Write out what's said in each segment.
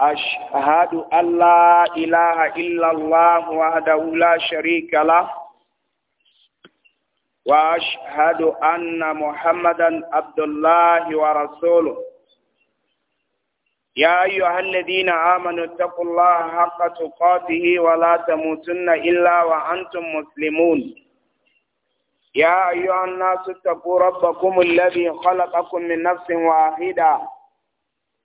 أشهد أن لا إله إلا الله وحده لا شريك له وأشهد أن محمدا عبد الله ورسوله يا أيها الذين آمنوا اتقوا الله حق تقاته ولا تموتن إلا وأنتم مسلمون يا أيها الناس اتقوا ربكم الذي خلقكم من نفس واحده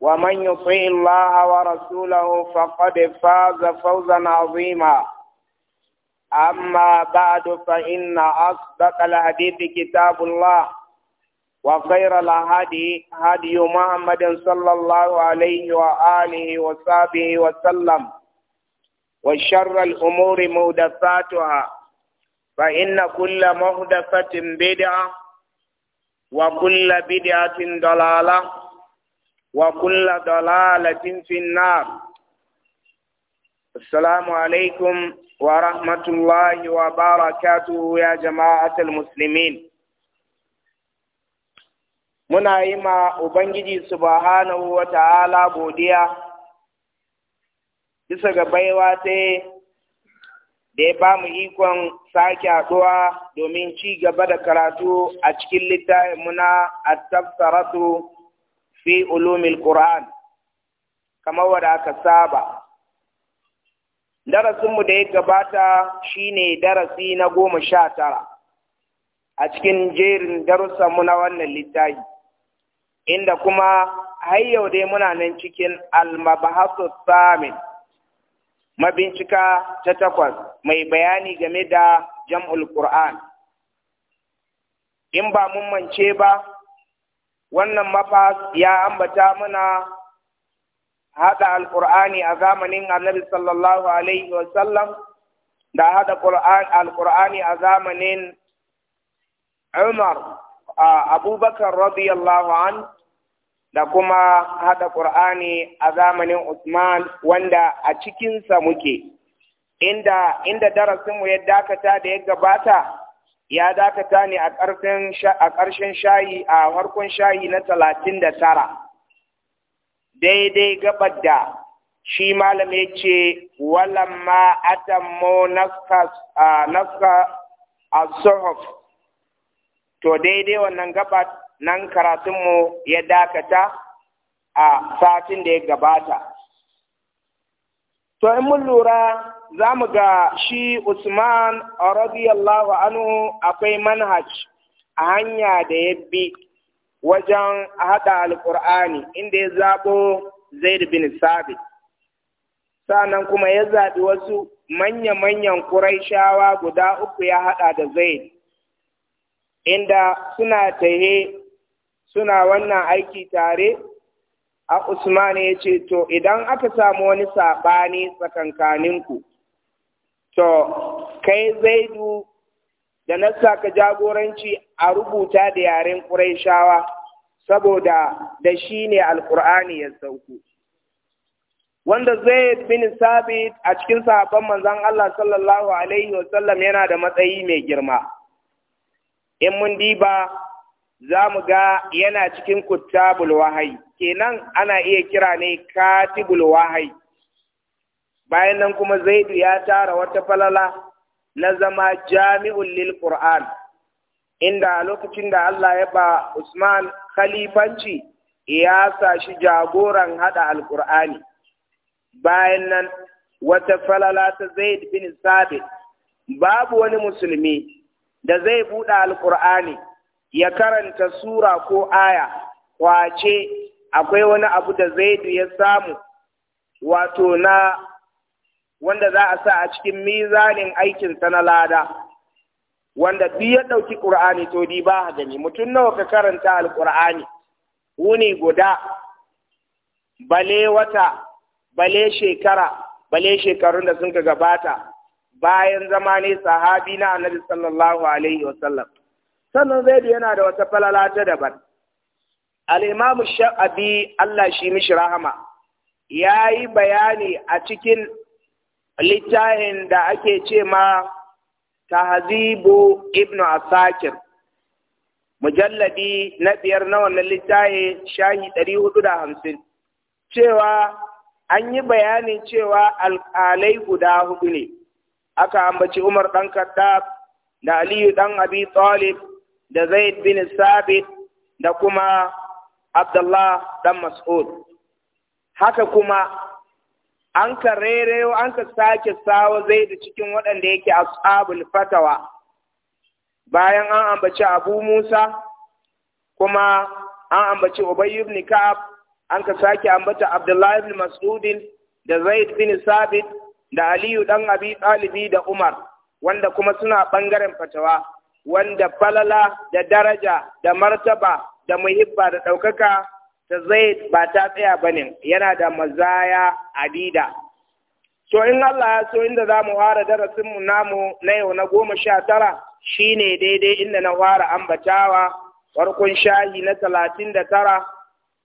ومن يطع الله ورسوله فقد فاز فوزا عظيما أما بعد فإن أصدق الحديث كتاب الله وخير الهدي هدي محمد صلى الله عليه وآله وصحبه وسلم وشر الأمور مودفاتها فإن كل مودفه بدعة وكل بدعة ضلالة وكل ضلالة في النار السلام عليكم ورحمة الله وبركاته يا جماعة المسلمين muna yi ma Ubangiji subhanahu wa ta'ala godiya bisa ga baiwa sai da ya ba mu ikon sake haɗuwa domin ci gaba da karatu a cikin littafinmu na at fi ulumil Qur'an kamar wadda aka saba. Darasinmu da ya gabata shine darasi na goma sha tara a cikin jerin darussanmu na wannan littafi, inda kuma har yau dai muna nan cikin almabahasu samin mabincika ta takwas mai bayani game da jam'ul Qur'an. In ba mun mance ba, wannan mafas ya ambata mana haɗa alƙur'ani a zamanin annabi sallallahu alaihi wasallam da haɗa a zamanin umar abubakar radiyallahu an da kuma hada ƙur'ani a zamanin usman wanda a cikinsa muke inda inda darasinmu ya dakata da ya gabata ya dakata ne a ƙarshen shayi a harkon shayi na talatin da tara daidai gabar da shi malam ya ce ma atammo naska a suhuf to daidai wannan gabar nan karatunmu ya dakata a satin da ya gabata to in mun lura za mu ga shi Usman radiyallahu anhu akwai manhaj a hanya da ya bi wajen haɗa alƙur'ani inda ya zaɓo Zaid bin Sabit. Sannan kuma ya zaɓi wasu manya-manyan ƙurai-shawa guda uku ya haɗa da Zaid, inda suna tahe suna wannan aiki tare a Usman ya ce, To, idan aka samu wani saɓani tsakankaninku, to kai zaidu da na ka jagoranci a rubuta da yaren ƙuraishawa saboda da shi ne alƙur'ani ya sauko wanda zaid bin sabit a cikin sahabban manzon Allah sallallahu alaihi wasallam yana da matsayi mai girma in mun diba za mu ga yana cikin kuttabul wahayi kenan ana iya kira ne katibul wahayi bayan nan kuma zaidu ya tara wata falala na zama jami'un lil qur'an inda lokacin da Allah ya ba Usman khalifanci ya sa shi jagoran hada alqur'ani bayan nan wata falala ta zaid bin sabit babu wani musulmi da zai buɗe alqur'ani ya karanta sura ko aya kwace akwai wani abu da zaidu ya samu wato na wanda za a sa a cikin mizanin aikinsa na lada wanda duk ya ɗauki ƙur'ani to di ba gani mutum nawa ka karanta alƙur'ani wuni guda bale wata bale shekara bale shekarun da sun gabata bayan zama ne sahabi na annabi sallallahu alaihi wasallam sannan zaidu yana da wata falala ta daban al-imamu sha'abi Allah shi mishi rahama yayi bayani a cikin littahin da ake ce ma tahzibu ibnu asakir mujalladi na biyar na wannan littafi shahi ɗari hudu da hamsin cewa an yi bayanin cewa alƙalai guda huɗu ne aka ambaci umar ɗan kaddaf da aliyu ɗan abi talib da zaid bin sabit da kuma abdullah ɗan mas'ud haka kuma an ka rerewa an ka sake sawo zai da cikin waɗanda yake ashabul fatawa bayan an ambaci abu musa kuma an ambaci ubay ibn ka'ab an ka sake ambata abdullahi ibn mas'udin da zaid bin sabit da aliyu dan abi talibi da umar wanda kuma suna bangaren fatawa wanda falala da daraja da martaba da muhibba da ɗaukaka ta zai ba ta tsaya ba ne yana da mazaya adida So in Allah ya so inda za mu fara darasinmu namu na yau na goma sha tara shi ne daidai inda na fara ambatawa farkon shahi na talatin da tara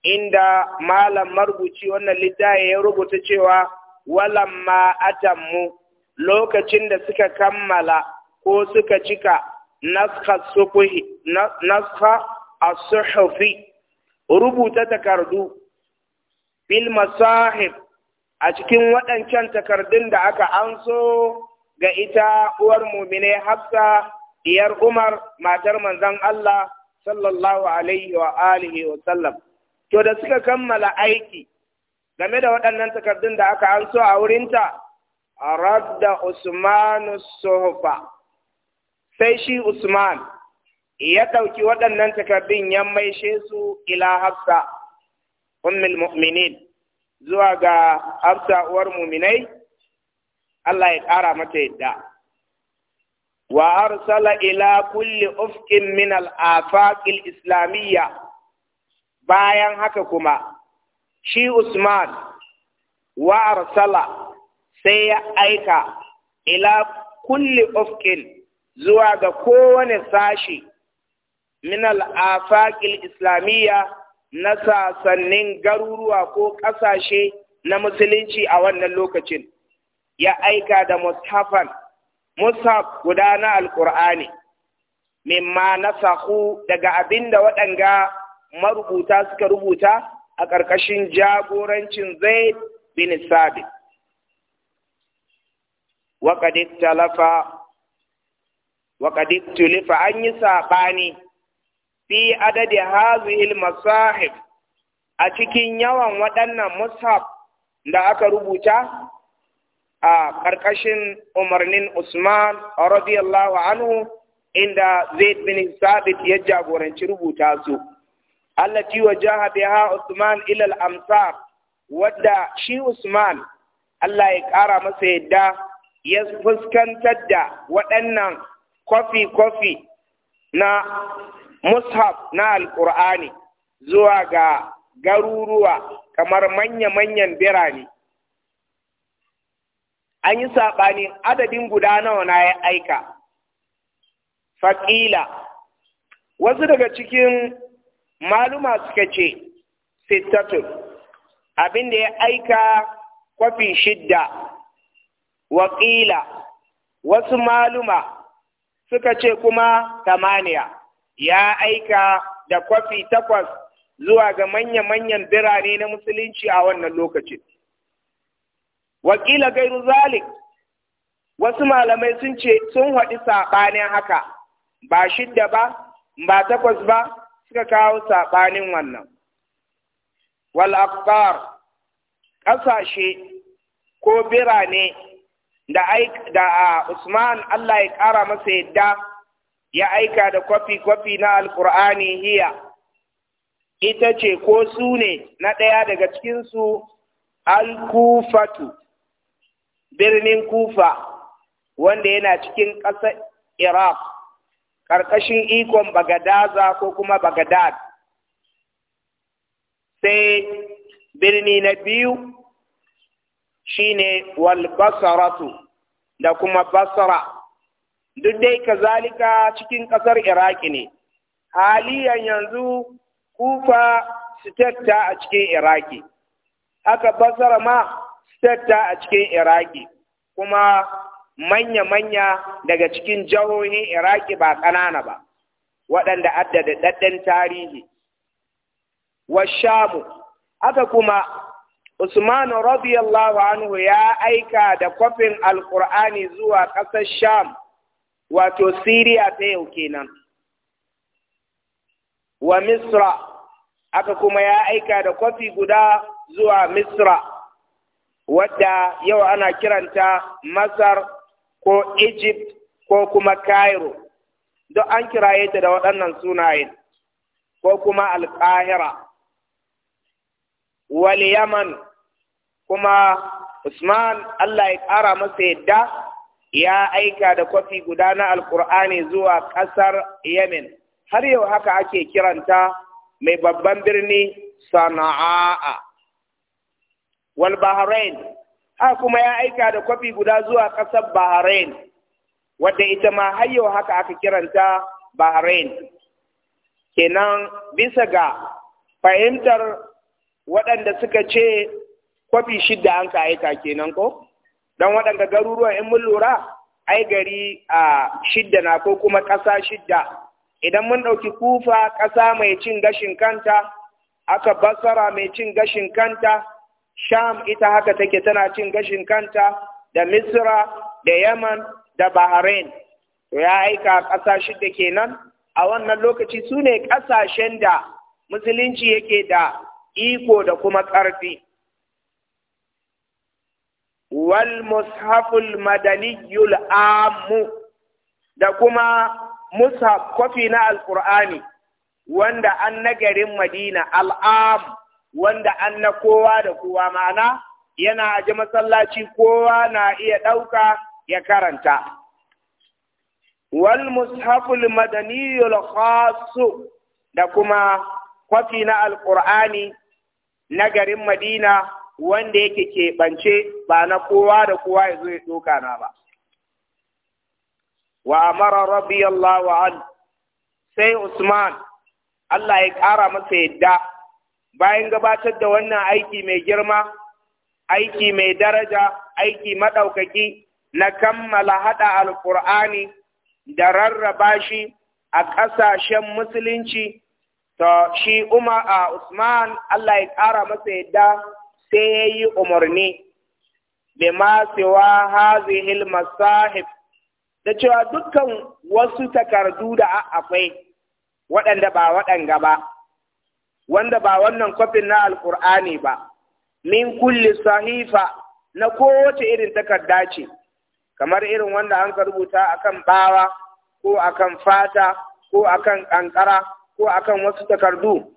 inda malam marubuci wannan littafi ya rubuta cewa ma atammu lokacin da suka kammala ko suka cika a suhufi rubuta takardu bil masahib a cikin waɗancan takardun da aka anso ga ita uwar mumine Hafsa diyar Umar matar manzon Allah sallallahu alaihi wa alihi wa sallam to da suka kammala aiki game da waɗannan takardun da aka anso a wurinta radda Usmanu Suhfa sai shi Usman ya ɗauki waɗannan takardun ya maishe su ila hafsa ummul mu'minin zuwa ga hafsa uwar muminai Allah ya ƙara mata yadda wa arsala ila kulli ofkin min al-afaqil islamiyya bayan haka kuma shi Usman wa arsala sai ya aika ila kulli ofkin zuwa ga kowane sashi min al islamiyya na sasannin garuruwa ko ƙasashe na musulunci a wannan lokacin ya aika da mushafan mushaf guda na alƙur'ani mimma sahu daga abin da waɗanga marubuta suka rubuta a ƙarƙashin jagorancin zaid bin sabit waƙadiktulifa an yi saɓani fi adadi hazihil masahib a cikin yawan waɗannan mushaf da aka rubuta a ƙarƙashin umarnin Usman radiyallahu anhu inda Zaid bin Sabit ya jagoranci rubuta su allati wajaha biha Usman ilal al-amsar wadda shi Usman Allah ya ƙara masa yadda ya fuskantar da waɗannan kwafi-kwafi na mushaf na alƙur'ani zuwa ga garuruwa kamar manya-manyan birane an yi saɓanin adadin guda nawa na ya aika faƙila wasu daga cikin maluma suka ce sittatun abin da ya aika kwafi shidda waƙila wasu maluma suka ce kuma tamaniya ya aika da kwafi takwas zuwa ga manya-manyan birane na musulunci a wannan lokacin. Wakila gairu zalik, wasu malamai sun ce sun haɗi saɓanin haka, ba shidda ba, ba takwas ba, suka kawo saɓanin wannan. Walakbar ƙasashe ko birane da a Usman Allah ya ƙara masa yadda ya aika da kwafi-kwafi na alkur'ani hiya ita ce ko su ne na ɗaya daga cikinsu alkufatu birnin kufa wanda yana cikin ƙasar iraq ƙarƙashin ikon bagadaza ko kuma bagadad sai birni na biyu shine wal basaratu da kuma Basara. duk dai kazalika cikin ƙasar iraki ne haliyan yanzu kufa sitatta a cikin iraki aka basara ma sitatta a cikin iraki kuma manya-manya daga cikin jahohin iraki ba ƙanana ba waɗanda addada ɗaɗɗen tarihi washamu aka kuma Usman radiyallahu anhu ya aika da kwafin alƙur'ani zuwa ƙasar sham wato Siriya ta yau kenan. Wa Misra, aka kuma ya aika da kwafi guda zuwa Misra, wadda yau ana kiranta Masar ko Egypt ko kuma Cairo, don an kiraye ta da waɗannan sunaye ko kuma Alƙahira. Wal Yaman kuma Usman Allah ya ƙara masa yadda ya aika da kwafi guda na Alƙur'ani zuwa ƙasar yemen har yau haka ake kiranta mai babban birni sana'a wal bahrain ha kuma ya aika da kwafi guda zuwa ƙasar bahrain wadda ita ma har yau haka aka kiranta bahrain kenan bisa ga fahimtar waɗanda suka ce kwafi shidda an ka aika kenan ko don waɗanda garuruwan in mun lura ai gari a shidda na ko kuma ƙasa shidda idan mun ɗauki kufa ƙasa mai cin gashin kanta aka basara mai cin gashin kanta sham ita haka take tana cin gashin kanta da misra da yaman da bahrain to ya aika ƙasa shidda kenan a wannan lokaci su ne ƙasashen da musulunci yake da iko da kuma ƙarfi wal mushaful madaniyul amu da kuma mushaf kofi na alqur'ani wanda an na garin madina al'am wanda an na kowa da kowa ma'ana yana aje masallaci kowa na iya ɗauka ya karanta wal mushaful madaniyul khasu da kuma kwafi na alqur'ani na garin madina wanda yake keɓance ba na kowa da kowa ya zo ya ɗoka na ba. Wa amara rabbi Allah an sai Usman Allah ya ƙara masa yadda bayan gabatar da wannan aiki mai girma, aiki mai daraja, aiki maɗaukaki na kammala haɗa alƙur'ani da rarraba shi a ƙasashen musulunci, to shi Umar a Usman Allah ya ƙara masa yadda sai ya yi umarni da masewa hazihil masahib da cewa dukkan wasu takardu da akwai waɗanda ba waɗanga ba wanda ba wannan kwafin na alkur'ani ba min kulli sahifa na kowace irin takarda ce kamar irin wanda an rubuta akan bawa ko akan fata ko akan kankara ko akan wasu takardu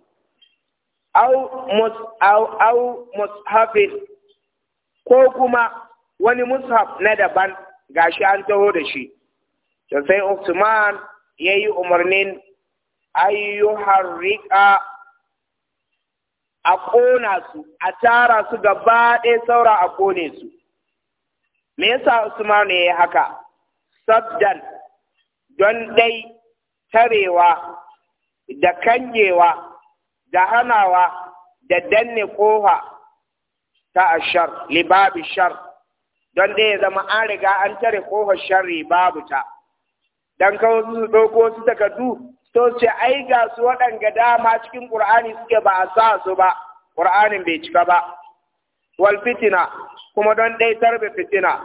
au mushafin ko kuma wani mushaf na daban gashi an taho da shi to sai Usman yayi umarnin ayyuharrika a ƙona su a tara su gaba ɗaya saura a ƙone su me yasa Usman ya yi haka sabdan don dai tarewa da kanyewa da hanawa da danne kofa ta ashar libabi shar don ɗaya zama an riga an tare ƙofar sharri babu ta ka kawo su ɗauko su takardu to ce ai ga su waɗanga dama cikin ƙur'ani suke ba a sa su ba ƙur'anin bai cika ba wal fitina kuma don ɗaya tarbe fitina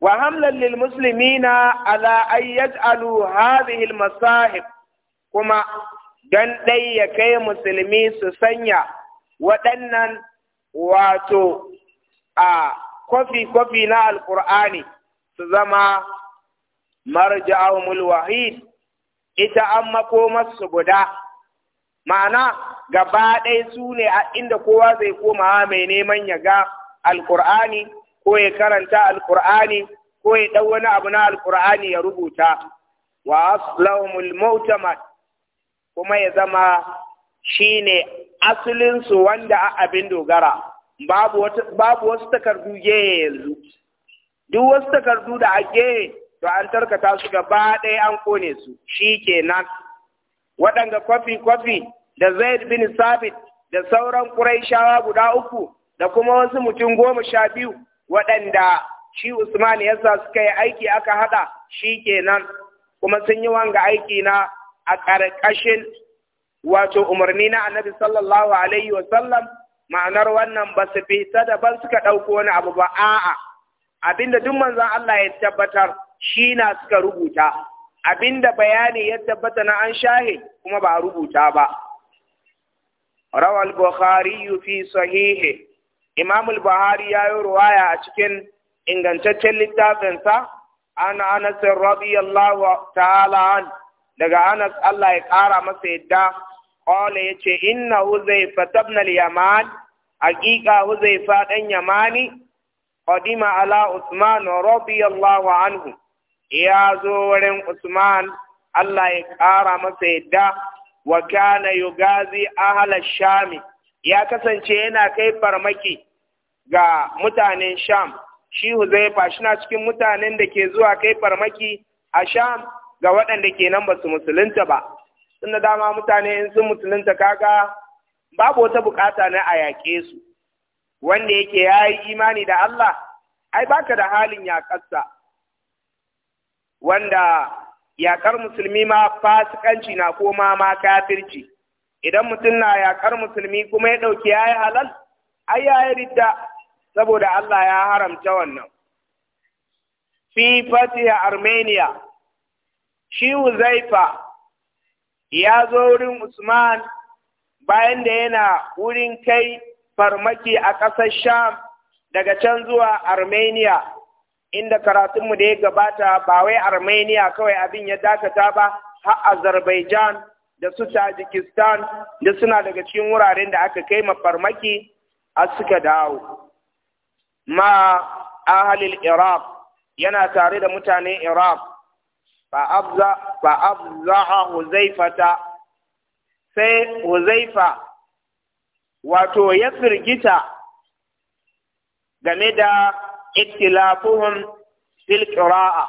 wa hamlan lil muslimina ala an yaj'alu hadhihi al masahib kuma don ɗai ya kai musulmi su sanya waɗannan wato a kwafi-kwafi na alkur'ani su zama marja'ahumul wahid ita an masu guda ma'ana gaba ɗaya su ne a inda kowa zai komawa mai neman ya ga alkur'ani ko ya karanta alkur'ani ko ya ɗau wani abu na alkur'ani ya rubuta wa aslahumul mautamat kuma ya zama shi ne asalinsu wanda a abin dogara babu wasu takardu geye yanzu duk wasu takardu da a geye to an tarkata su gaba ɗaya an kone su shi ke nan. waɗanga kwafi-kwafi da zaid bin sabit da sauran ƙuraishawa guda uku da kuma wasu mutum goma sha biyu waɗanda shi usman yasa suka yi aiki aka haɗa shi ke nan. kuma sun yi wanga aiki na a ƙarƙashin wato umarni na annabi sallallahu alaihi wa sallam ma'anar wannan ba su fita daban suka ɗauko wani abu ba a'a abinda duk manzon Allah ya tabbatar shi na suka rubuta abinda bayani ya tabbata na an shahe kuma ba a rubuta ba rawal bukhari fi sahihi imam al bukhari ya yi ruwaya a cikin ingantaccen littafinsa an anas radiyallahu ta'ala an daga Anas Allah ya ƙara masa yadda ya yace inna huzaifa tabnal al-yaman hakika huzaifa ɗan yamani qadima ala usman radiyallahu anhu ya zo wurin usman Allah ya ƙara masa yadda wa kana yugazi ahla sham ya kasance yana kai farmaki ga mutanen sham shi huzaifa shi cikin mutanen da ke zuwa kai farmaki a sham ga waɗanda kenan ba su musulunta ba da dama mutane in sun musulunta kaga babu wata bukata na a yaƙe su wanda yake ya yi imani da Allah ai baka da halin yaƙarsa wanda yaƙar musulmi ma fasikanci na koma ma kafirci idan mutum na yaƙar musulmi kuma ya ɗauki ya yi halal ai ya yi ridda saboda Allah ya haramta wannan fi fatiha Armenia shi Huzaifa ya zo wurin Usman bayan da yana wurin kai farmaki a ƙasar Sham daga can zuwa Armenia inda karatunmu da ya gabata ba wai Armenia kawai abin ya dakata ba har Azerbaijan da su Tajikistan da suna daga cikin wuraren da aka kai farmaki a suka dawo. Ma ahalil Iraq yana tare da mutanen Iraq fa abzaha huzaifata sai huzaifa wato ya firgita game da ikhtilafuhum fil qira'a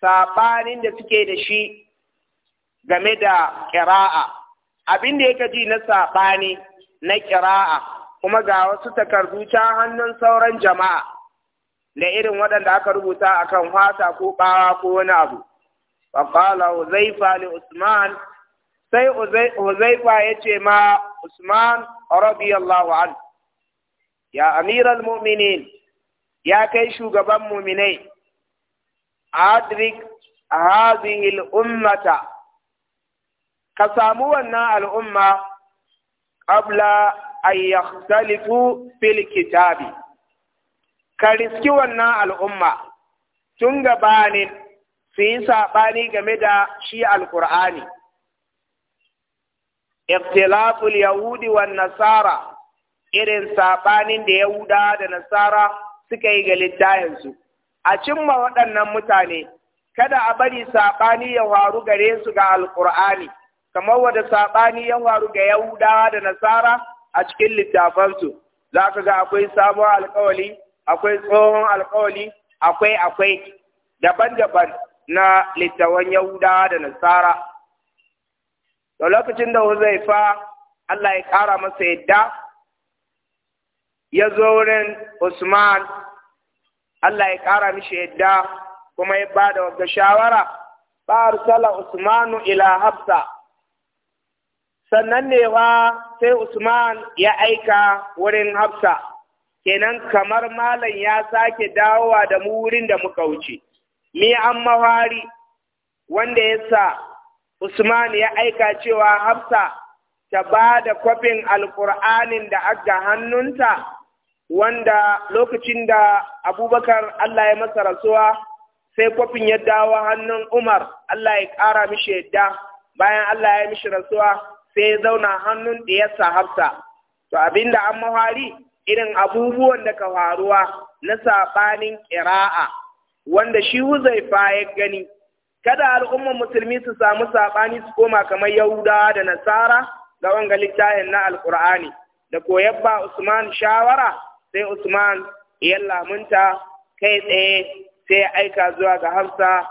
sabanin da suke da shi game da ƙira'a, abin da yake ji na saɓani na ƙira'a, kuma ga wasu takardu ta hannun sauran jama'a da irin waɗanda aka rubuta akan fata ko bawa ko wani abu فقال حذيفة لعثمان sai Huzaifa ya ce ma Usman radiyallahu an ya amiral mu'minin ya kai shugaban mu'minai adrik hadhihi al-ummata ka samu wannan al'umma qabla an yakhtalifu kitabi ka riski wannan al'umma tun gabanin su yi saɓani game da shi alƙur'ani. Iftilaful Yahudi wa Nasara irin saɓanin da Yahuda da Nasara suka yi ga littayensu. A cimma waɗannan mutane, kada a bari saɓani ya faru gare su ga alƙur'ani, kamar wada saɓani ya faru ga Yahudawa da Nasara a cikin littafansu. Za ka ga akwai sabon alkawali, akwai tsohon alkawali, akwai akwai daban-daban na littawan Yahuda da Nasara. Da lokacin da Huzaifa Allah ya ƙara masa yadda, ya zo wurin Usman, Allah ya ƙara mishi yadda kuma ya ba da wata shawara, ba sala Usmanu ila Hafsa. Sannan ne sai Usman ya aika wurin Hafsa, kenan kamar malam ya sake dawowa da mu wurin da muka wuce. mi an mawari wanda ya sa Usman ya aika cewa Hafsa ta ba da kwafin alƙur'anin da aga hannunta wanda lokacin da abubakar Allah ya masa rasuwa sai kwafin ya dawo hannun Umar Allah ya ƙara mishi yadda bayan Allah ya mishi rasuwa sai ya zauna hannun sa Hafsa. To abinda an mawari irin abubuwan da ka faruwa na saɓanin ƙira'a. wanda shi huzaifa ya gani kada al'ummar musulmi su samu sabani su koma kamar yahuda da nasara ga wanga littafin na Alkur'ani. da koyar ba usman shawara sai usman ya lamunta kai tsaye sai ya aika zuwa ga hafsa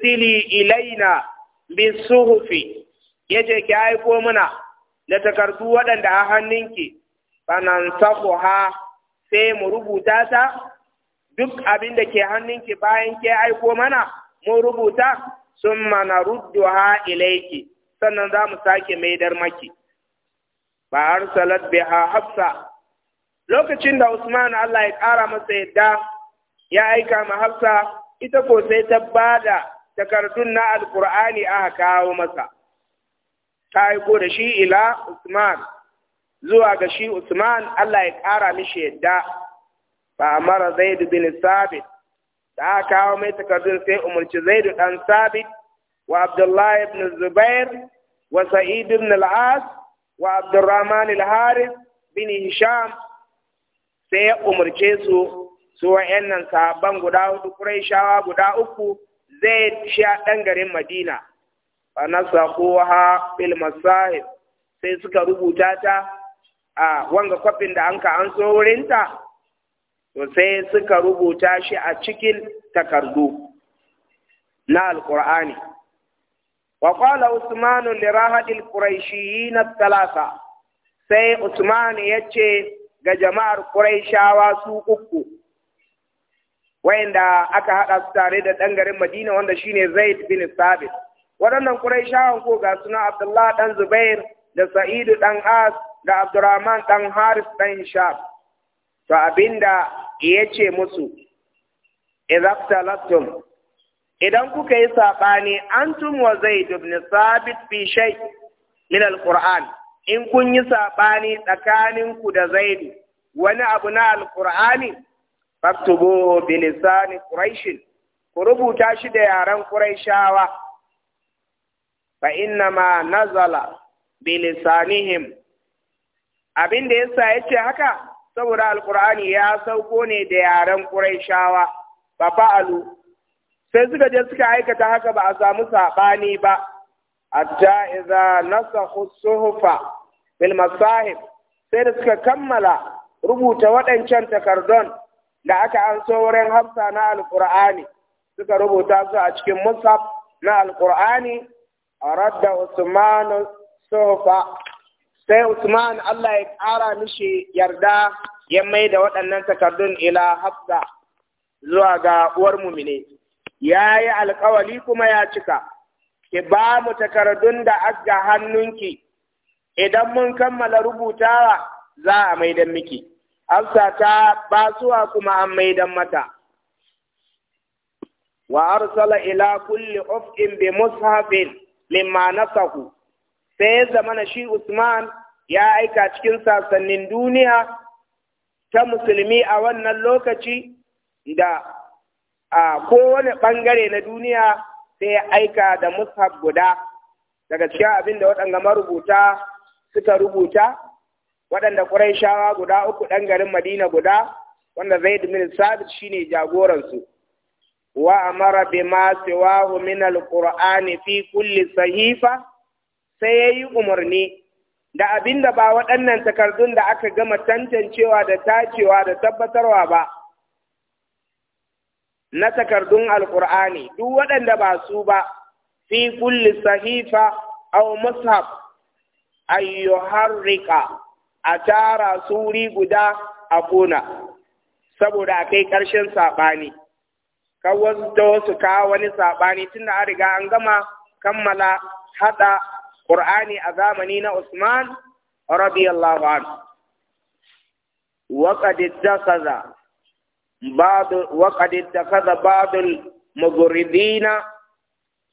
sili, ilaina bisuhufi yace ki aiko muna da takardu waɗanda a hannunki fanan ha sai mu rubuta ta duk abin da ke hannunki bayan ke aiko mana mu rubuta sun mana rudduha ilaiki sannan za mu sake maidar maki ba arsalat biha hafsa lokacin da Usman Allah ya kara masa yadda ya aika ma hafsa ita ko sai ta bada takardun na alkur'ani aka kawo masa ta aiko da shi ila Usman zuwa ga shi Usman Allah ya ƙara mishi yadda fa amara zaid bin sabit da kawo mai takardun sai umarci zaid dan sabit wa abdullahi ibn zubair wa sa'id ibn al-as wa abdurrahman al-harith bin hisham sai ya umarce su su wa'annan sahabban guda hudu Qurayshawa guda uku zai sha ɗan garin Madina fa nasaquha bil masahib sai suka rubuta ta a wanga kwafin da anka an so wurinta to sai suka rubuta shi a cikin takardu na alkur'ani wa qala usman li rahadil quraishiyin thalatha sai usman yace ga jama'ar quraishawa su uku wayanda aka hada su tare da dan garin Madina wanda shine Zaid bin Sabit waɗannan qurayshawan ko ga suna Abdullah dan Zubair da Sa'id dan As da Abdurrahman dan Haris dan shab to abinda ya ce musu, Izaktalattum, idan kuka yi saɓani an wa zai dubni Sabit fi shai min Al’ur’an, in kun yi saɓani tsakaninku da Zaidu wani abu na Al’ur’ani, faktubo bilisani ku rubuta shi da yaren Quraishawa, fa inna ma nazala bilisanihim. Abin da yasa ce haka, saboda alkur'ani ya sauko ne da yaren ƙuraishawa ba fa'alu sai suka je suka aikata haka ba a samu saɓani ba hatta idza nasakhu suhufa bil masahib sai da suka kammala rubuta waɗancan takardun da aka an so wurin hafsa na alkur'ani suka rubuta su a cikin musaf na alkur'ani a radda usmanu suhufa sai Usman Allah ya ƙara mishi yarda ya mai da waɗannan takardun ila Hafsa zuwa ga uwar mumine. Ya yi alkawali kuma ya cika, ki ba mu takardun da aga hannunki, idan mun kammala rubutawa za a maidan miki. Hafsa ta basuwa kuma an maidan mata. Wa arsala ila kulli of'in bi mushafin limma nasahu sai ya zamana shi Usman ya aika cikin sasannin duniya ta musulmi a wannan lokaci da a kowane ɓangare na duniya sai ya aika da mushaf guda daga cikin abin da waɗanda marubuta suka rubuta waɗanda ƙuraishawa guda uku ɗan garin madina guda wanda zai bin sabit shine jagoransu wa amara Masu siwahu min alqur'ani fi kulli sahifa sai ya yi umarni da abin da ba waɗannan takardun da aka gama tantancewa da tacewa da tabbatarwa ba na takardun Alƙur'ani. duk waɗanda ba su ba fi kulli sahifa aw mushaf ayyuharrika a tara suri guda a kona saboda a kai ƙarshen saɓani kawai wasu wasu kawo wani saɓani tun da an riga an gama kammala haɗa Qur'ani a zamani na Usman radiyallahu anhu وقد اتخذ بعض وقد اتخذ بعض المغرضين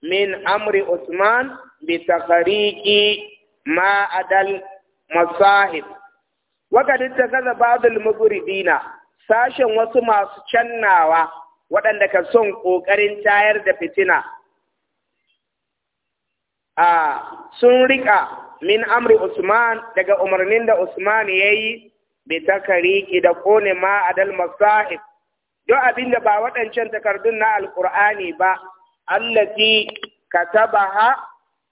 من أمر عثمان بتخريج ما أدى المصاحب وقد اتخذ بعض sashen wasu masu cannawa waɗanda ka son ƙoƙarin tayar da fitina a sun riƙa min amri Usman daga umarnin da Usman ya yi bi ki da kone ma a dalmasa'i don abin da ba waɗancan takardun na Alƙur'ani ba ka taba ha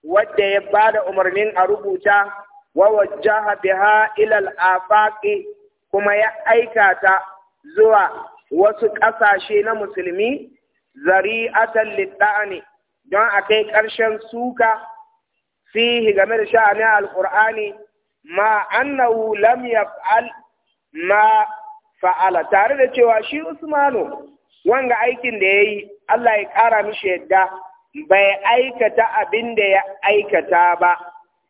wadda ya ba da umarnin a rubuta wa wajjaha biha ilal afaqi kuma ya aika ta zuwa wasu ƙasashe na musulmi zari'atan litta'ani don a kai ƙarshen suka Sihi game da sha'anin alqur'ani ma annahu lam yaf'al ma fa'ala tare da cewa shi Usmanu wanga aikin da yayi Allah ya kara mishi yadda bai aikata abin da ya aikata ba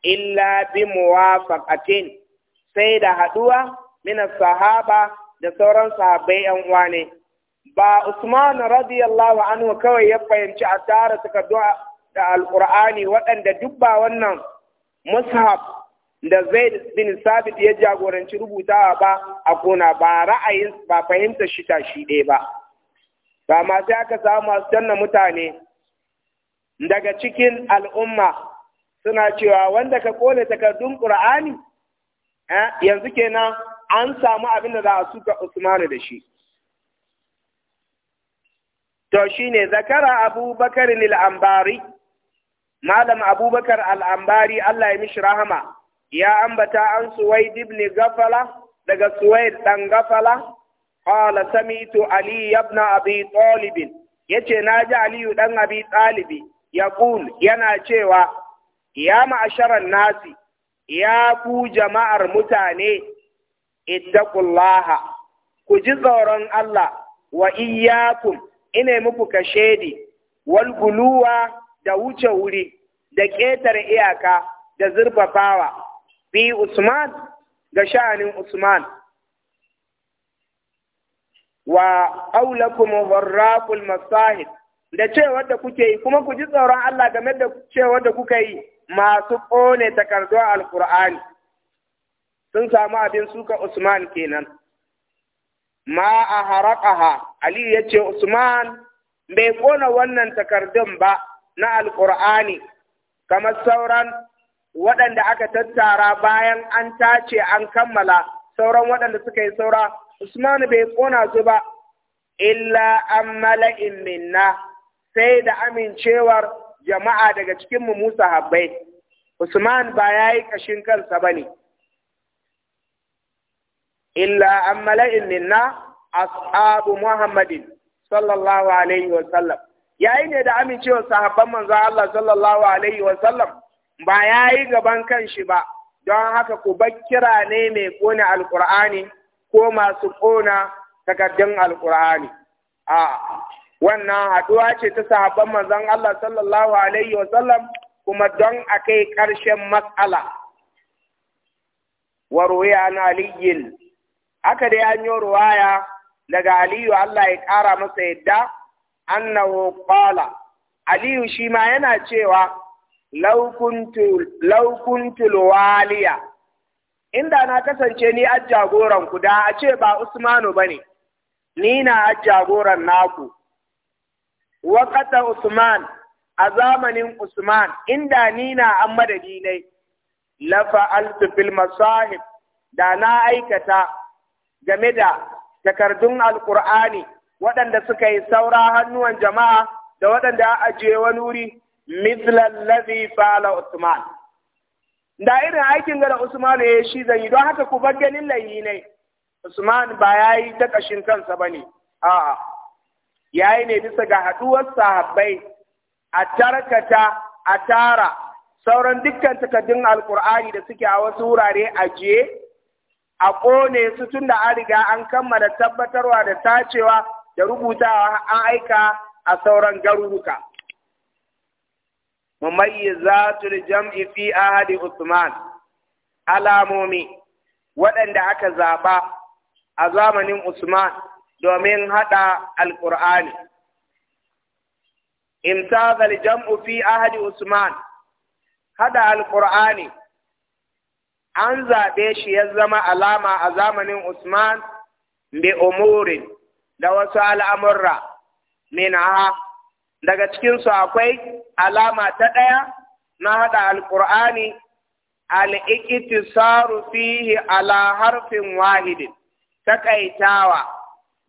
illa bi muwafaqatin sai da haɗuwa, min sahaba da sauran sahabai yan uwane. ba Usmanu radiyallahu anhu kawai ya fahimci a tara takardu du'a da alƙur'ani waɗanda dubba wannan mushaf da Zaid bin Sabit ya jagoranci rubutawa ba a kona ba ra'ayin ba fahimta shi ta shi ɗaya ba. Ba ma sai aka samu masu canna mutane daga cikin al'umma suna cewa wanda ka kone takardun Ƙur'ani eh, yanzu kenan an samu abin da za a suka Usmanu da shi. To shi ne zakara Abu Bakar malam abubakar al'ambari Allah ya mishi rahama ya ambata an suwaid ibn gafala daga suwaid dan gafala qala sami'tu ali ibn abi talib yace naji aliyu dan abi Ya yaqul yana cewa ya ma'asharan nasi ya ku jama'ar mutane ittaqullaha ku ji tsoron Allah wa iyyakum ina muku kashedi wal guluwa da wuce wuri da ƙetare iyaka da zurfafawa bi Usman ga sha'anin Usman wa aulakum warraqul masahid da cewar da kuke yi kuma ku ji tsoron Allah game da cewa da kuka yi masu ƙone takardu alkur'ani sun samu abin suka Usman kenan ma a haraƙaha Aliyu ya ce Usman bai ƙona wannan takardun ba na alƙur'ani kamar sauran waɗanda aka tattara bayan an tace an kammala sauran waɗanda suka yi saura Usman bai ƙona su ba illa an mala'in minna sai da amincewar jama'a daga cikin mu Musa habbai Usman ba ya yi ƙashin kansa ba ne illa an mala'in minna ashabu Muhammadin sallallahu alaihi wa sallam yayi ne da amincewar sahabban manzo Allah sallallahu alaihi wa sallam ba yayi gaban kanshi ba don haka ku kira ne mai kona alqur'ani ko masu kona takardun alqur'ani a wannan haduwa ce ta sahabban manzon Allah sallallahu alaihi wa sallam kuma don a kai ƙarshen matsala wa ruwaya na aliyin haka dai an yi ruwaya daga aliyu Allah ya ƙara masa yadda annahu qala aliyu shi ma yana cewa laukuntul waliya inda na kasance ni a jagoran ku da a ce ba usmanu bane ni na a jagoran naku waƙata usman a zamanin usman inda ni na an madadi ne lafa fil masahib da na aikata game da takardun alkur'ani waɗanda suka yi saura hannuwan jama'a da waɗanda a ajiye wani wuri mislan ladhi fa'ala Usman da irin aikin da Usman ya shi zan yi don haka ku bar ganin layi ne Usman ba yayi ta kashin kansa bane a'a yayi ne bisa ga haɗuwar sahabbai a tarkata a tara sauran dukkan takaddun alkur'ani da suke a wasu wurare ajiye a ƙone su tunda da an riga an kammala tabbatarwa da tacewa da rubuta an aika a sauran garuruka. da jam'i fi ahadi Usman alamomi waɗanda aka zaɓa a zamanin Usman domin haɗa Alƙur'ani. Imtazal jam'u fi ahadi Usman haɗa Alƙur'ani an zaɓe shi ya zama alama a zamanin Usman bi umurin da wasu al'amurra minha daga cikinsu akwai alama ta ɗaya na haɗa alƙur'ani al'ikitisaru fihi ala harfin wahidin taƙaitawa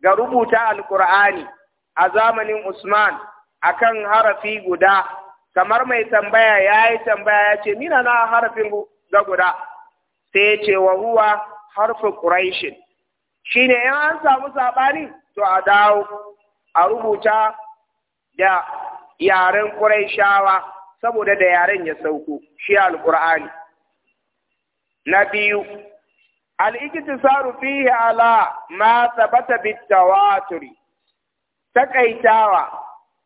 ga rubuta alƙur'ani a zamanin Usman akan harafi guda kamar mai tambaya ya yi tambaya ya ce mina na harafin ga guda sai ce wa huwa harfin ƙuraishin shi ne an samu saɓani to a dawo a rubuta da yaren shawa saboda da yaren ya sauko shi alqur'ani na biyu al-iktisaru fihi ala ma thabata bitawatur takaitawa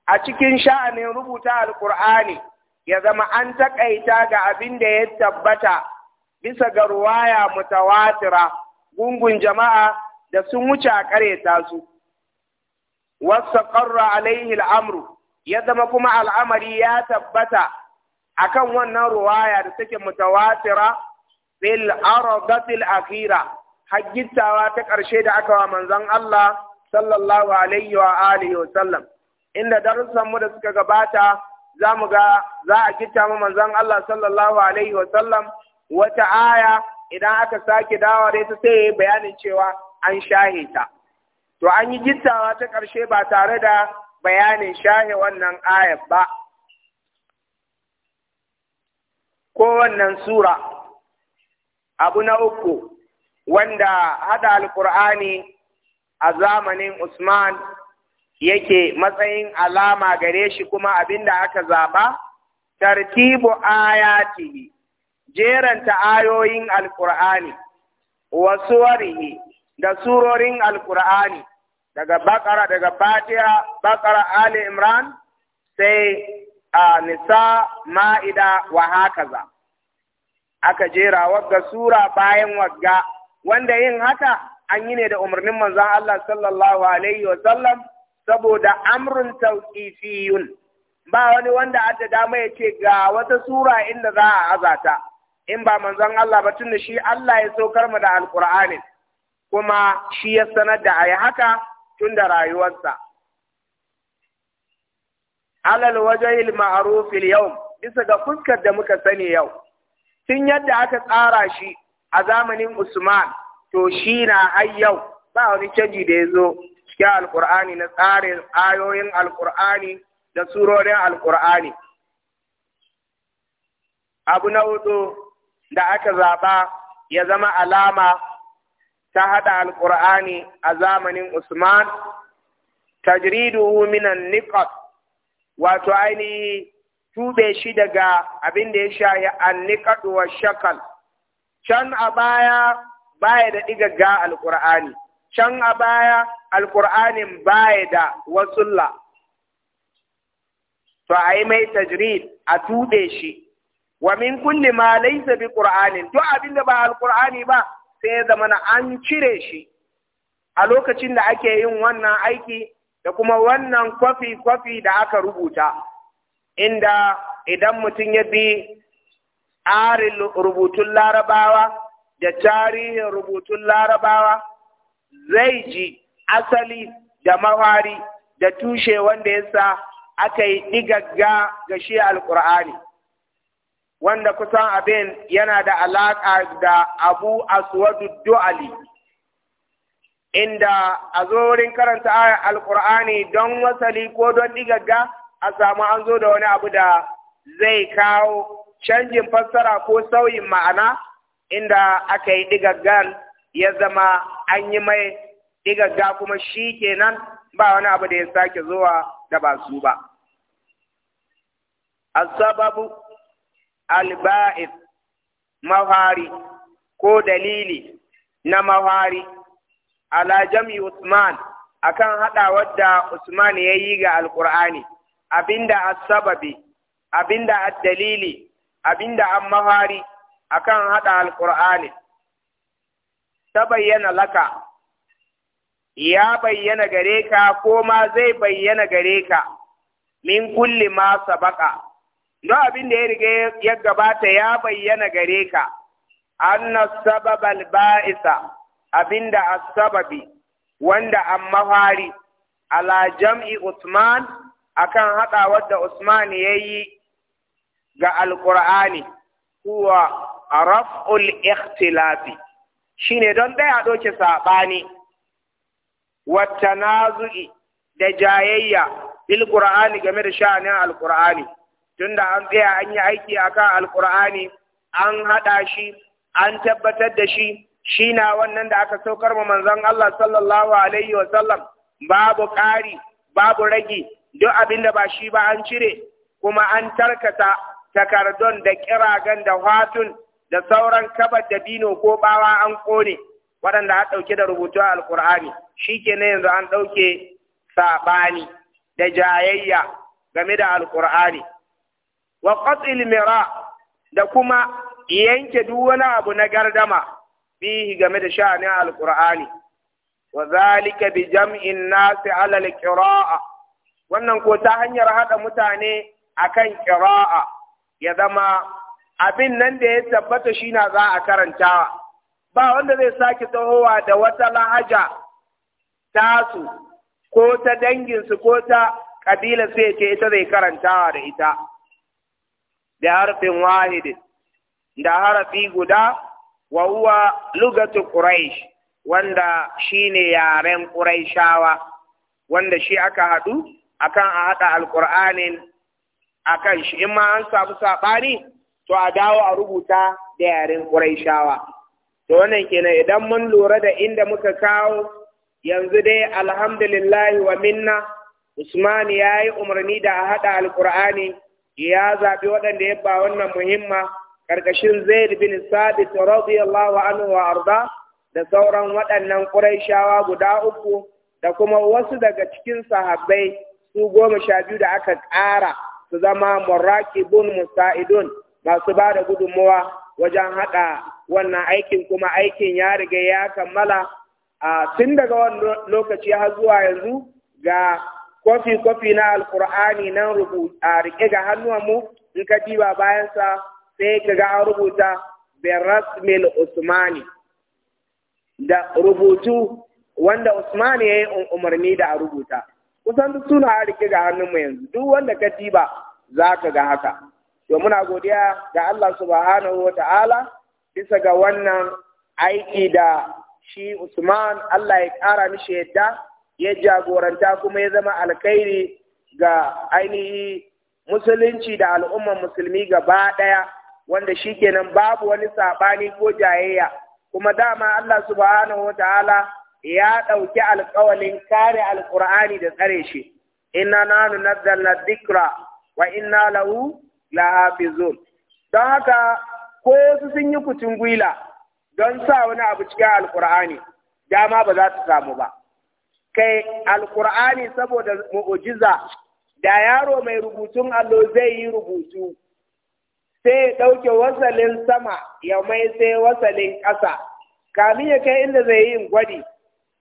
a cikin sha'anin rubuta alqur'ani ya zama an takaita ga abin da ya tabbata bisa ga ruwaya mutawatira gungun jama'a da sun wuce a kareta su wastaqarra alaihi al'amru ya zama kuma al'amari ya tabbata akan wannan ruwaya da take mutawatira bil aradatil akhira hajjittawa ta ƙarshe da aka wa manzon Allah sallallahu alaihi wa alihi wa sallam inda darussan mu da suka gabata za ga za a gitta mu manzon Allah sallallahu alaihi wa sallam wata aya idan aka sake dawo dai ta sai bayanin cewa an shahe ta to an yi gittawa ta ƙarshe ba tare da bayanin shahe wannan ayat ba ko wannan sura abu na uku wanda hada alkur'ani a zamanin usman yake matsayin alama gare shi kuma abinda aka zaba tartibu ayatihi jeranta ayoyin alkur'ani wa suwarihi da surorin alkur'ani daga bakara daga fatiha bakara ali imran sai a nisa ma'ida wa hakaza aka jera wagga sura bayan wagga wanda yin haka an yi ne da umarnin manzon Allah sallallahu alaihi wa sallam saboda amrun tawqifiyun ba wani wanda adda dama ya ce ga wata sura inda za a azata in ba manzon Allah ba tunda shi Allah ya saukar mu da alqur'anin kuma shi ya sanar da ayi haka tun da rayuwarsa alal wajen wajahil ma'ruf yau bisa ga fuskar da muka sani yau tun yadda aka tsara shi a zamanin Usman to shi na har yau ba wani canji da ya zo cikin alkur'ani na tsarin ayoyin Alƙur'ani da surorin alkur'ani abu na hudu da aka zaɓa ya zama alama ta haɗa Alƙur'ani a zamanin Usman tajriduhu minan niqat wato ainihi tube shi daga abin da ya shahi anniqat wa shakal can a baya baya da ɗiga ga Alƙur'ani. can a baya alƙur'anin baya da wasulla to a yi mai tajrid a tube shi wa min kulli ma laisa bi qur'anin to abin da ba alqur'ani ba sai ya zama an cire shi a lokacin da ake yin wannan aiki da kuma wannan kwafi-kwafi da aka rubuta inda idan mutum ya bi tsarin rubutun larabawa da tarihin rubutun larabawa zai ji asali da mawari da tushe wanda ya sa aka yi digagga ga shi al-qur'ani. wanda kusan abin yana da alaƙa da abu aswadu du'ali inda a zo wurin karanta ayar alƙur'ani don wasali ko don digagga a samu an zo da wani abu da zai kawo canjin fassara ko sauyin ma'ana inda aka yi digaggan ya zama an yi mai digagga kuma shi kenan ba wani abu da ya sake zuwa da ba su ba. Asababu alba'id mawhari ko dalili na mawhari ala jam'i Usman akan hada wadda Usman ya yi ga Alƙur'ani abinda as-sababi abinda ad-dalili abinda an mawhari akan haɗa Alƙur'ani ta bayyana laka ya bayyana gare ka ko ma zai bayyana gare ka min kulli ma sabaka don abin da ya riga ya gabata ya bayyana gare ka anna sababal ba'isa abinda asababi wanda an mafari ala jam'i Usman akan hada wadda Usman yayi yi ga alqur'ani kuwa raf'ul ikhtilafi shine don ɗaya ɗauke saɓani wa tanazu'i da jayayya bil game da sha'anin Alƙur'ani tunda an tsaya an yi aiki a akan alkur'ani an haɗa shi an tabbatar da shi shi na wannan da aka saukar ma manzon Allah sallallahu alaihi wa sallam babu ƙari babu rage duk abin da ba shi ba an cire kuma an tarkata takardun da kiragan da hatun da sauran kabar da bino ko ɓawa an ƙone waɗanda a ɗauke da rubutu a alkur'ani shi ke na yanzu an ɗauke saɓani da jayayya game da alkur'ani wa qat'il mira da kuma yanke duk wani abu na gardama bihi game da sha'anin alqur'ani wa zalika bi jam'in nas ala alqira'a wannan ko ta hanyar hada mutane akan qira'a ya zama abin nan da ya tabbata shi na za a karantawa ba wanda zai sake tahowa da wata lahaja tasu ko ta danginsu ko ta kabila sai ce ita zai karantawa da ita da harfin wahidin da harafi guda wa huwa lugatu quraish wanda shine yaren quraishawa wanda shi aka haɗu akan a Al-Qur'anin, akan shi in ma an samu saɓani, to a dawo a rubuta da yaren quraishawa to wannan kenan idan mun lura da inda muka kawo yanzu dai alhamdulillahi wa minna Usman yayi umarni da a haɗa alƙur'ani ya zaɓi waɗanda ya ba wannan muhimma ƙarƙashin zaid bin sabit radiyallahu anhu wa arda da sauran waɗannan ƙuraishawa guda uku da kuma wasu daga cikin sahabbai su goma sha biyu da aka ƙara su zama muraqibun musta'idun masu ba da gudunmuwa wajen haɗa wannan aikin kuma aikin ya riga ya kammala tun daga wannan lokaci har zuwa yanzu ga kofi kofi na alkur'ani nan rubuta a rike ga hannuwan mu in ka diba bayan sa sai ka ga an rubuta berasmil usmani da rubutu wanda usmani ya yi um, umarni da a rubuta kusan duk suna a rike ga hannun yanzu duk wanda ka diba za ka ga haka to muna godiya ga Allah subhanahu wa ta'ala bisa ga wannan aiki da shi Usman Allah ya ƙara mishi yadda ya jagoranta kuma ya zama alkhairi ga ainihi musulunci da al'umman musulmi gaba ɗaya wanda shi shikenan babu wani saɓani ko jayayya kuma dama Allah subhanahu wa ta'ala ya ɗauki alƙawalin kare alƙur'ani da tsare shi inna nanu nazzalna dhikra wa inna lahu lahafizun don haka ko su sun yi kucin gwila don sa wani abu cikin alƙur'ani dama ba za su samu ba kai alkur'ani saboda mu'ujiza da yaro mai rubutun allo zai yi rubutu sai ya ɗauke wasalin sama ya mai sai wasalin ƙasa kamin ya kai inda zai yi gwadi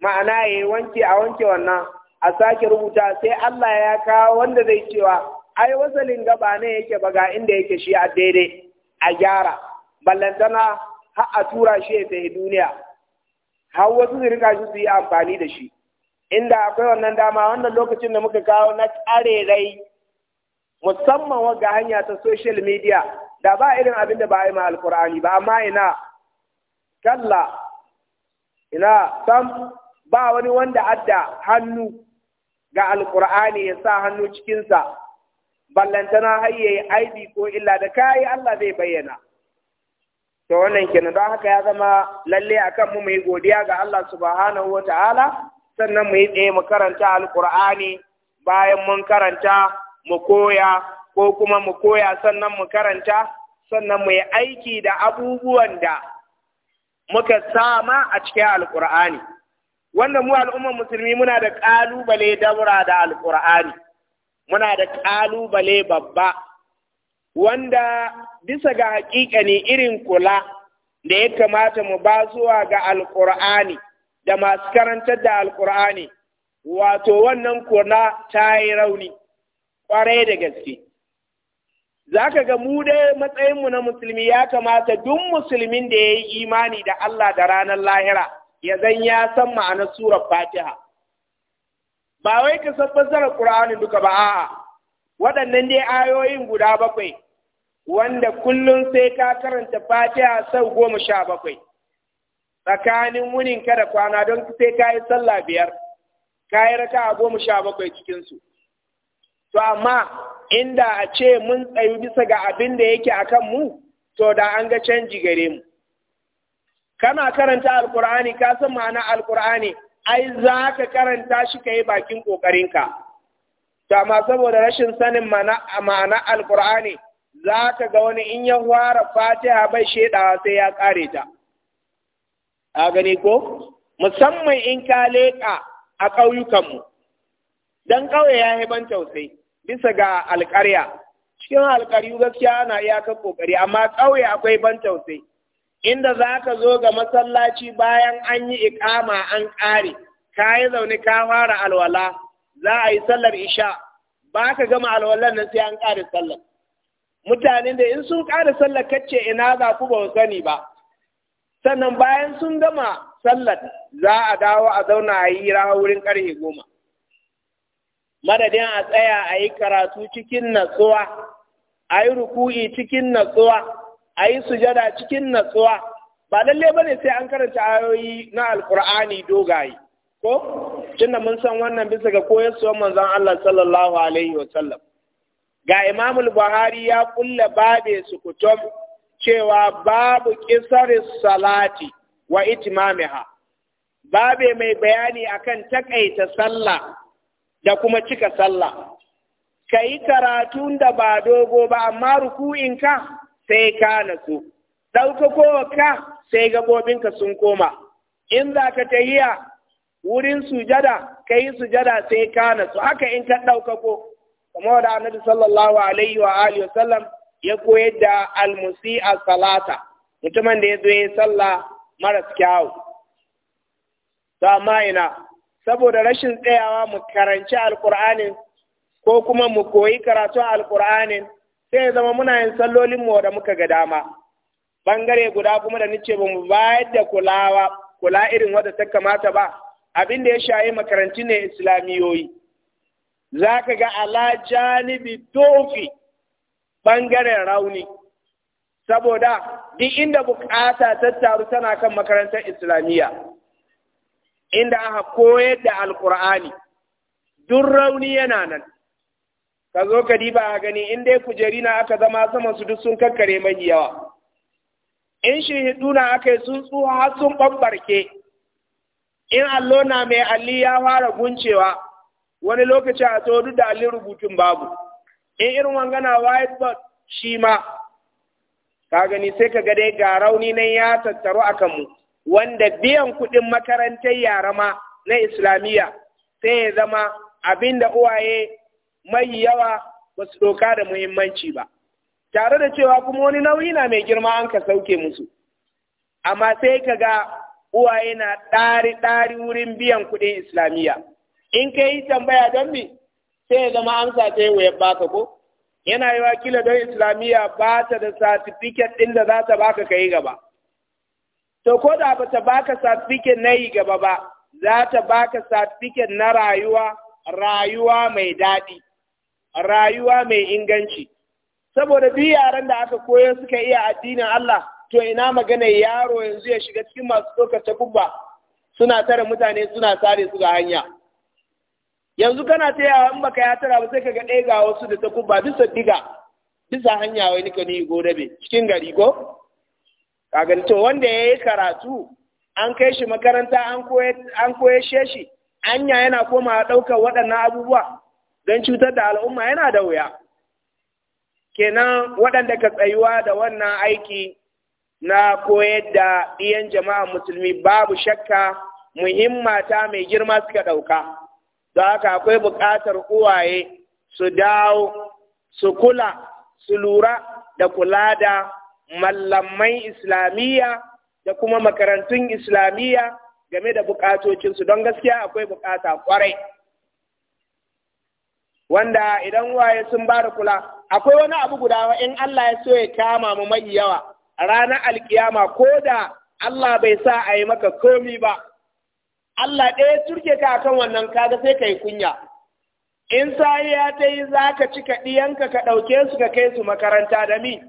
ma'ana ya yi wanke a wanke wannan a sake rubuta sai Allah ya kawo wanda zai cewa ai wasalin gaba ne yake baga inda yake shi a daidai a gyara ballantana har a tura shi ya duniya har wasu su rika shi su yi amfani da shi inda akwai wannan dama wannan lokacin da muka kawo na karerai musamman wagga hanya ta social media da ba irin abin da ba yi ma alkur'ani ba amma ina kalla ina sam ba wani wanda adda hannu ga alkur'ani ya sa hannu cikinsa ballantana har ya aibi ko illa da kayi Allah zai bayyana to wannan kenan don haka ya zama lalle akan mu mai godiya ga Allah subhanahu wataala sannan mu yi tsaye mu karanta alkur'ani bayan mun karanta mu koya ko kuma mu koya sannan mu karanta sannan mu yi aiki da abubuwan da muka sama a cikin alkur'ani wanda mu al'ummar musulmi muna da ƙalubale dabra da alkur'ani muna da ƙalubale babba wanda bisa ga hakika ne irin kula da ya kamata mu ba zuwa ga alkur'ani da masu karantar da alkur'ani wato wannan kona ta yi rauni ƙwarai da gaske za ka ga mu dai matsayinmu na musulmi ya kamata duk musulmin da ya yi imani da Allah da ranar lahira ya zan ya san ma'anar surar fatiha ba wai ka san fassarar Kur'ani duka ba a'a waɗannan dai ayoyin guda bakwai wanda kullum sai ka karanta fatiha sau goma sha bakwai tsakanin wunin da kwana don sai ka yi sallah biyar ka yi raka a goma sha bakwai cikinsu to amma inda a ce mun tsayu bisa ga abin da yake a kan mu to da an ga canji gare mu kana karanta alkur'ani ka san ma'ana alkur'ani ai za ka karanta shi ka yi bakin ƙoƙarinka to amma saboda rashin sanin ma'ana alkur'ani za ka ga wani in ya fara fatiha bai shaidawa sai ya ƙare ta a gani ko musamman in ka leƙa a ƙauyukanmu don ƙauye ya yi ban tausai bisa ga alƙarya cikin alƙaryu gaskiya ana iyakar ƙoƙari amma ƙauye akwai ban tausayi inda za ka zo ga masallaci bayan an yi iƙama an ƙare ka yi zaune ka fara alwala za a yi sallar isha ba ka gama alwalan nan sai an ƙare sallar mutanen da in sun ƙara sallar kacce ina za ku ba sani ba sannan bayan sun gama sallar za a dawo a zauna a yi rawa wurin ƙarfe goma madadin a tsaya a yi karatu cikin natsuwa a yi ruku'i cikin natsuwa a yi sujada cikin natsuwa ba lalle ne sai an karanta ayoyi na alkur'ani dogaye ko tunda mun san wannan bisa ga koyarwar manzon Allah sallallahu alaihi wasallam. ga Imamul Buhari ya kulle babe sukutum cewa babu ƙisar salati wa itimamiha. babe mai bayani akan takaita sallah da kuma cika sallah ka karatu da ba dogo ba amma ruku'inka sai ka nasu ka sai gabobinka sun koma in za ka tahiya wurin sujada ka yi sujada sai ka nasu haka in ka ɗaukako kamar da annabi sallallahu alaihi wa alihi sallam ya koyar da almusi a salata mutumin da ya zo ya sallah maras kyawu ta ma'ina saboda rashin tsayawa mu karanci alkur'anin ko kuma mu koyi karatun alkur'anin sai ya zama muna yin sallolin mu da muka ga dama bangare guda kuma da nice ba mu bayar da kulawa kula irin wadda ta kamata ba abin da ya shaye makarantu ne islamiyoyi za ka ga ala janibi tofi ɓangaren rauni saboda duk inda bukata ta taru tana kan makarantar islamiyya inda aka koyar da alkur'ani duk rauni yana nan ka zo ka diba a gani in dai kujeri na aka zama sama su duk sun kakkare mai yawa in shihidu na aka yi sun tsuha har sun ɓambarke in allo na mai alli ya fara guncewa wani lokaci a to duk da allin rubutun babu in irin wangana whiteboard shi ma ka gani sai ka ga dai ga rauni nan ya tattaru a kanmu wanda biyan kuɗin makarantar yara ma na islamiyya sai ya zama abin da uwaye mai yawa ba su doka da muhimmanci ba tare da cewa kuma wani nauyi na mai girma an ka sauke musu amma sai ka ga uwaye na ɗari-ɗari wurin biyan kuɗin islamiyya in ka yi tambaya don me sai ya zama amsa ta yi ya baka ko yana yi wakila don islamiyya ba ta da satifiket ɗin da za ta baka ka yi gaba to ko da ba ta baka satifiket na yi gaba ba za ta baka satifiket na rayuwa rayuwa mai daɗi rayuwa mai inganci saboda duk yaran da aka koyo suka iya addinin Allah to ina magana yaro yanzu ya shiga cikin masu ɗaukar ta suna tare mutane suna sare su ga hanya yanzu kana ta taya in baka ya tara ba sai ga ɗaya ga wasu da ta kuma bisa diga bisa hanya wai nika ni go dabe cikin gari ko kaga to wanda yayi karatu an kai shi makaranta an koye an koyashe shi anya yana koma ɗaukar waɗannan abubuwa don cutar da al'umma yana da wuya kenan waɗanda ka tsayuwa da wannan aiki na koyar da ɗiyan jama'a musulmi babu shakka muhimmata mai girma suka ɗauka don haka akwai buƙatar uwaye su dawo su kula su lura da kula da mallamai islamiyya da kuma makarantun islamiyya game da buƙatocinsu don gaskiya akwai buƙata kwarai. wanda idan waye sun ba da kula akwai wani abu guda in Allah ya so ya kama mu mai yawa ranar alkiyama ko da Allah bai sa a yi maka komi ba Allah ɗaya turke ka akan wannan kaga sai ka yi kunya in ya ta yi za ka ka ɗiyanka ka ɗauke su ka kai su makaranta da mi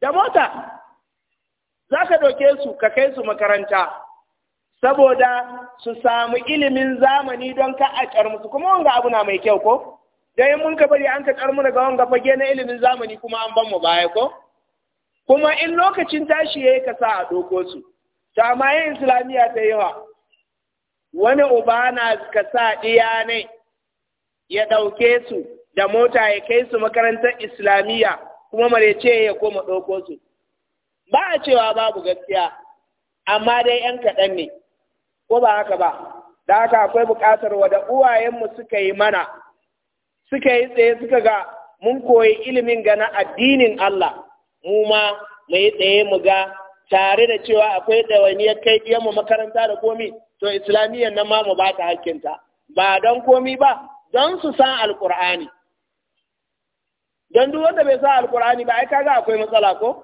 da mota za ka ɗauke su ka kai su makaranta saboda su samu ilimin zamani don ka a ƙyar musu kuma wanga abu na mai kyau ko dai mun ka bari an ka ƙyar mu daga wanga fage na ilimin zamani kuma an ban mu baya ko kuma in lokacin tashi ya yi ka sa a doko su Ta ma yin islamiyya ta yawa wani uba na ka sa ɗiya ne ya ɗauke su da mota ya kai su makarantar islamiyya kuma marece ya koma ɗauko su ba a cewa babu gaskiya amma dai ‘yan kaɗan ne ko ba haka ba da haka akwai buƙatar wada uwayenmu suka yi mana suka yi tsaye suka ga mun koyi ilimin gana addinin Allah mu ma mu yi tsaye mu ga tare da cewa akwai ɗawainiyar kai mu makaranta da komi to islamiyyar nan ma mu ba ta hakkinta ba don komi ba don su san alƙur'ani don duk wanda bai san alƙur'ani ba ai kaga akwai matsala ko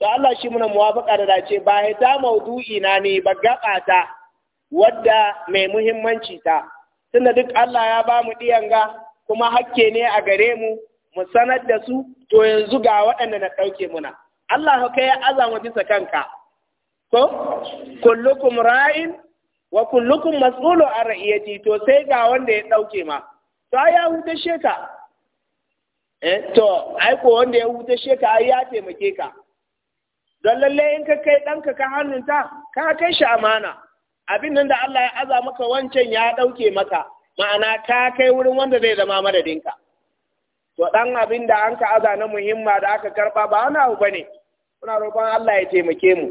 to Allah shi muna muwafaqa da dace ba ta maudu'i na ne ba gaba wadda mai muhimmanci ta tunda duk Allah ya ba mu ɗiyanga kuma hakke ne a gare mu mu sanar da su to yanzu ga waɗanda na ɗauke muna Allah ka ya azama bisa kanka ko kullukum ra'in wa kullukum matsulo a ra’iyyaci, to sai ga wanda ya dauke ma to ai ya hutashe ka eh to ai ko wanda ya hutashe ka ai ya taimake ka don lalle in ka kai ɗanka ka hannunta ka kai shi amana abin nan da Allah ya aza maka wancan ya ɗauke maka ma'ana ka kai wurin wanda zai zama madadinka to ɗan abin da an ka aza na muhimma da aka karɓa ba wani abu ne? muna roƙon Allah ya taimake mu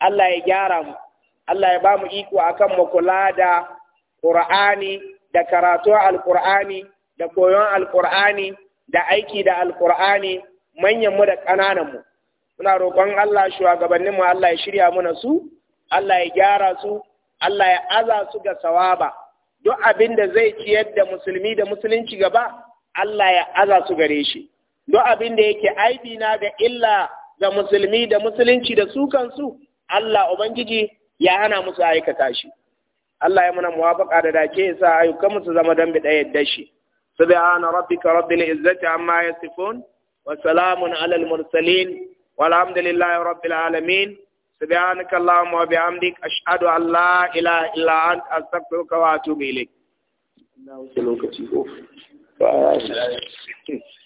Allah ya gyara mu Allah ya ba mu iko akan mu kula da Qur'ani da karatun Alƙur'ani da koyon Alƙur'ani da aiki da Alƙur'ani manyan mu da ƙananan mu muna roƙon Allah shugabannin mu Allah ya shirya mana su Allah ya gyara su Allah ya aza su ga sawaba duk abin da zai ciyar da musulmi da musulunci gaba Allah ya aza su gare shi duk abin da yake aibi na ga illa da musulmi da musulunci da su kansu Allah ubangiji ya hana musu aikata shi Allah ya muna muwafaqa da dace ya sa ayyukan musu zama dambe ɗaya yadda shi subhana rabbika rabbil izzati amma yasifun wa salamun alal mursalin walhamdulillahi rabbil alamin سبحانك اللهم وبحمدك أشهد أن لا إله إلا أنت أستغفرك وأتوب إليك.